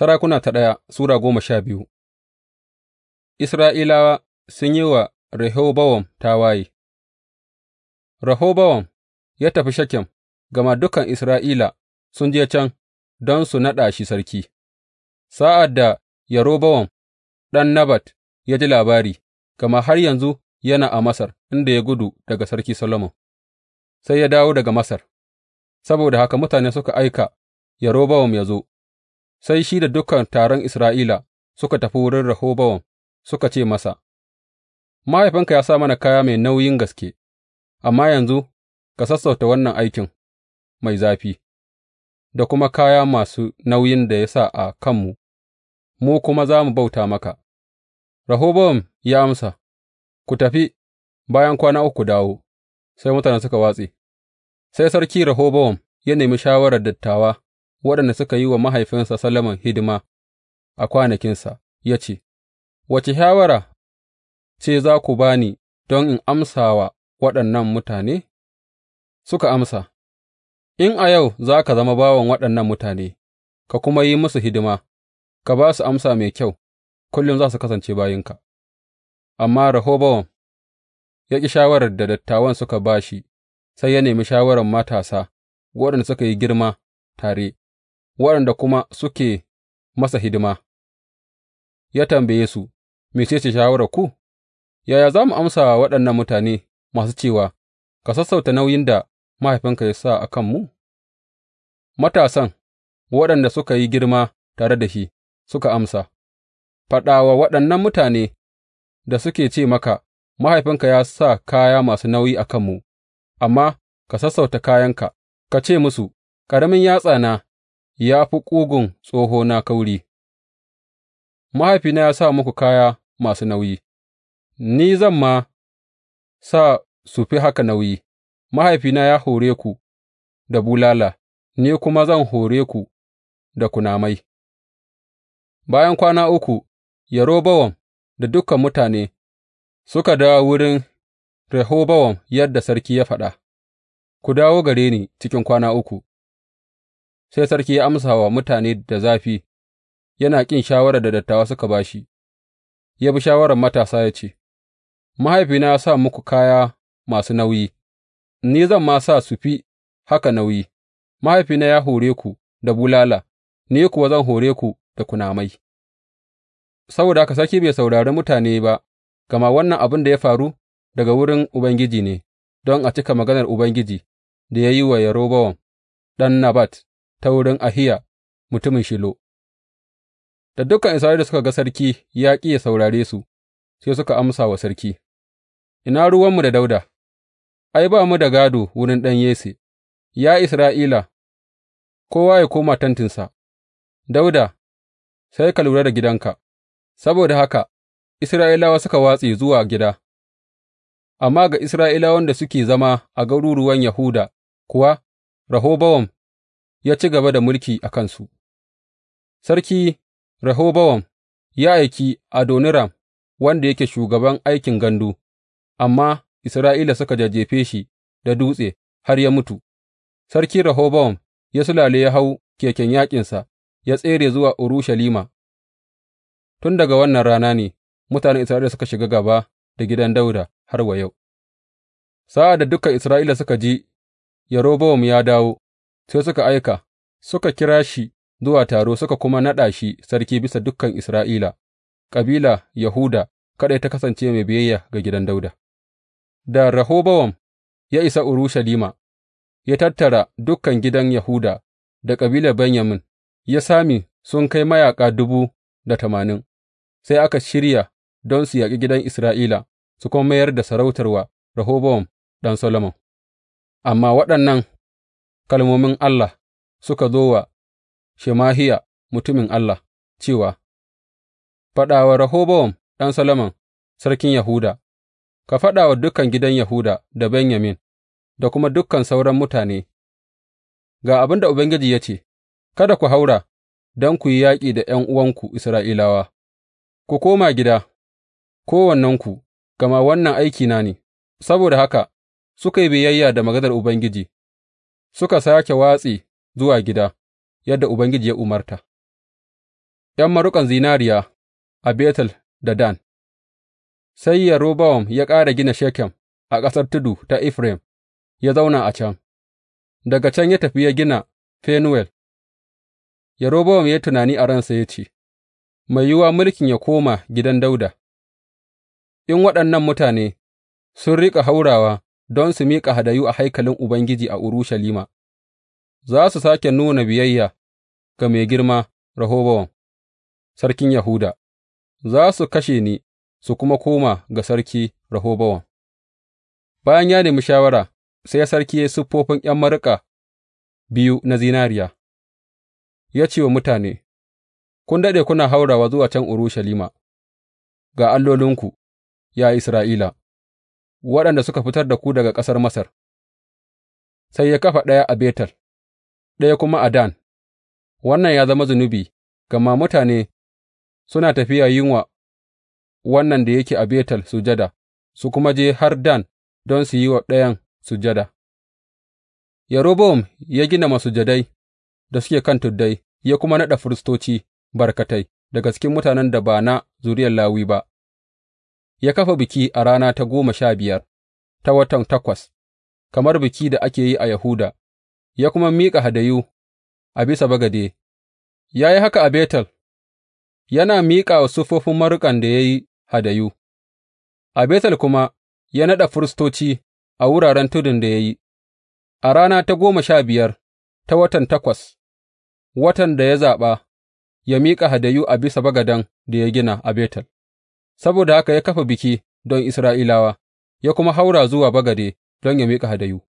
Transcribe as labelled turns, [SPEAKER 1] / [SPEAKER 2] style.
[SPEAKER 1] Sarakuna ta ɗaya Sura goma sha biyu Isra'ilawa sun yi wa Rehobowam tawaye Rehobowam ya tafi Shekem, gama dukan Isra'ila sun je can don su naɗa shi sarki. Sa'ad da Yerobowam ɗan Nabat ya ji labari, gama har yanzu yana a Masar inda ya gudu daga Sarki Solomon, sai ya dawo daga Masar, saboda haka mutane suka aika Yerobowam ya zo. Sai shi da dukan taron Isra'ila suka tafi wurin Rehobowam suka ce masa, Mahaifinka ya sa mana kaya mai nauyin gaske, amma yanzu ka sassauta wannan aikin mai zafi, da kuma kaya masu nauyin da ya sa a kanmu, mu kuma za mu bauta maka. Rehobowam ya amsa, Ku tafi, bayan kwana uku ku dawo, sai mutane suka watse, sai sarki Rehobowam ya nemi shawarar dattawa. waɗanda suka yi wa mahaifinsa Solomon hidima a kwanakinsa, ya ce, Wace shawara ce za ku ba ni don in amsa wa waɗannan mutane? Suka amsa, In a yau za ka zama bawan waɗannan mutane, ka kuma yi musu hidima, ka ba su amsa mai kyau, kullum za su kasance bayinka. Amma Rehobowam ya ƙi shawarar da dattawan suka ba shi, sai ya nemi shawarar matasa waɗanda suka yi girma tare. waɗanda kuma suke masa hidima, ya tambaye su, Mece ce ku?" Yaya za mu amsa wa waɗannan mutane masu cewa, Ka sassauta nauyin da mahaifinka ya sa a kanmu? Matasan, waɗanda suka yi girma tare da shi, suka amsa, Faɗa wa waɗannan mutane da suke ce maka, Mahaifinka ya sa kaya masu nauyi a kanmu, amma ka sassauta kayanka, ka ce musu, Ƙaramin yatsana ya fi ƙugun tsohona kauri, mahaifina ya sa muku kaya masu nauyi, ni zan ma sa su fi haka nauyi, mahaifina ya hore ku da bulala, ni kuma zan hore ku da kunamai. Bayan kwana uku, Yerobowam da dukan mutane suka dawo wurin Rehobowam yadda sarki ya faɗa, Ku dawo gare ni cikin kwana uku. sai sarki ya amsa wa mutane da zafi, yana ƙin shawarar da dattawa suka ba shi, ya bi shawarar matasa ya ce, Mahaifina ya sa muku kaya masu nauyi, ni zan ma sa su fi haka nauyi, mahaifina ya hore ku da bulala, ni kuwa zan hore ku da kunamai. Saboda haka sarki bai saurari mutane ba, gama wannan abin da ya faru daga wurin Ubangiji ne, don a cika maganar Ubangiji da ya yi wa Yerobowam ɗan Nabat. ta wurin Ahiya mutumin Shilo. Da dukan Isra'ila suka ga sarki ya ƙi ya saurare su, sai suka amsa wa sarki, Ina ruwanmu da Dauda, ai, ba mu da gado wurin ɗan Yesse, ya Isra'ila, kowa ya koma tantinsa. Dauda, sai ka lura da gidanka, saboda haka Isra'ilawa suka watse zuwa gida, amma ga Isra'ilawan da suke zama a garuruwan Yahuda kuwa, Rahobowam! ya ci gaba da mulki a kansu. Sarki Rehobowam ya aiki Adoniram, wanda yake shugaban aikin gandu, amma Isra'ila suka jajjefe shi da dutse har ya mutu. Sarki Rehobowam ya sulale ya hau keken yaƙinsa, ya tsere zuwa Urushalima. Tun daga wannan rana ne mutanen Isra'ila suka shiga gaba da gidan Dauda har wa yau. Sa'a da dukan Isra'ila suka ji Yerobowam ya dawo, sai suka aika, suka kira shi zuwa taro suka kuma naɗa shi sarki bisa dukan Isra'ila, kabila Yahuda kaɗai ta kasance mai biyayya ga gidan Dauda. Da Rehobowam ya isa Urushalima, ya tattara dukan gidan Yahuda da kabilar Benyamin, ya sami sun kai mayaƙa dubu da tamanin, sai aka shirya don su yaƙi gidan Isra'ila, su kuma mayar da sarautar wa Rehobowam ɗan Solomon. Amma waɗannan kalmomin Allah suka zo wa Shemahiya mutumin Allah cewa, Faɗa wa Rehobowam ɗan Solomon, sarkin Yahuda, ka faɗa wa dukan gidan Yahuda da Benyamin da kuma dukan sauran mutane, ga abin da Ubangiji ya ce, Kada ku haura don ku yi yaƙi da ’yan uwanku Isra'ilawa, ku koma gida, kowannenku, gama wannan aikina ne, saboda haka suka yi biyayya da maganar Ubangiji suka sāke watse zuwa gida, yadda Ubangiji ya umarta, ’yan maruƙan zinariya a Betel da Dan. Sai Yerobowam ya ƙara gina Shekem a ƙasar tudu ta Efraim, ya zauna a can, daga can ya tafi ya gina fenuel Yerobowam ya tunani a ransa ya ce, Mai yiwuwa mulkin ya koma gidan Dauda. in waɗannan mutane sun riƙa haurawa don su miƙa hadayu a haikalin Ubangiji a Urushalima, za su sāke nuna biyayya ga mai girma Rehobowam, sarkin Yahuda, za su kashe ni su kuma koma ga sarki Rehobowam. Bayan ya nemi shawara, sai sarki ya siffofin ’yan mariƙa biyu na zinariya, ya ce wa mutane, Kun daɗe kuna haurawa zuwa can Urushalima, ga allolinku, ya Isra'ila. waɗanda suka fitar da ku daga ƙasar Masar, sai ya kafa ɗaya a Betel, ɗaya kuma a Dan, wannan ya zama zunubi, gama mutane suna tafiya yin wa wannan da yake a Betel sujada, su kuma je har Dan don su yi wa ɗayan sujada. Yerobowam ya gina masujadai da suke kan tuddai, ya kuma naɗa firistoci barkatai daga cikin mutanen da ba na zuriyar Lawi ba. ya kafa biki a rana ta goma sha biyar ta watan takwas, kamar biki da ake yi a Yahuda, ya kuma miƙa hadayu a bisa bagade, ya yi haka a Betel, yana miƙa wa sufofin maruƙan da ya yi hadayu, a Betel kuma ya naɗa firistoci a wuraren tudun da ya yi, a rana ta goma sha biyar ta watan takwas, watan da ya zaɓa, ya miƙa hadayu a bisa bagaden da ya gina a Betel. saboda haka ya kafa biki don Isra'ilawa, ya kuma haura zuwa bagade don yă miƙa hadayu.